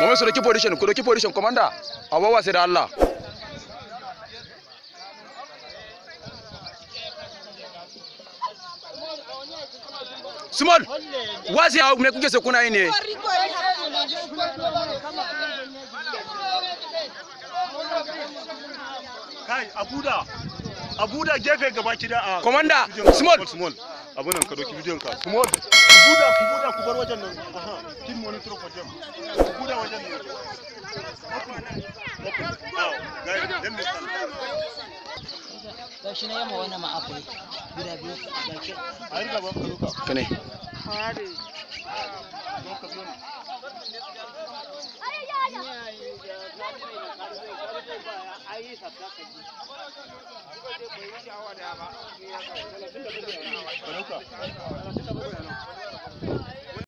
Mama su doki position, ku doki position commander. Awawa sai da Allah. Small. Wazi ya me kuke sai kuna yi ne? Kai, Abuda. Abuda gefe Gabachida. kida a Commander, small. small. abin nan ka doki bidiyon ka kuma wanda ku buda ku buda ku bar wajen nan aha kin monitor ko them ku buda wajen nan ga shi ne yamma wannan ma'afi guda biyu ga shi a riga ba ka doka ka ne hare don ka zo ayi sabta kaji Gracias.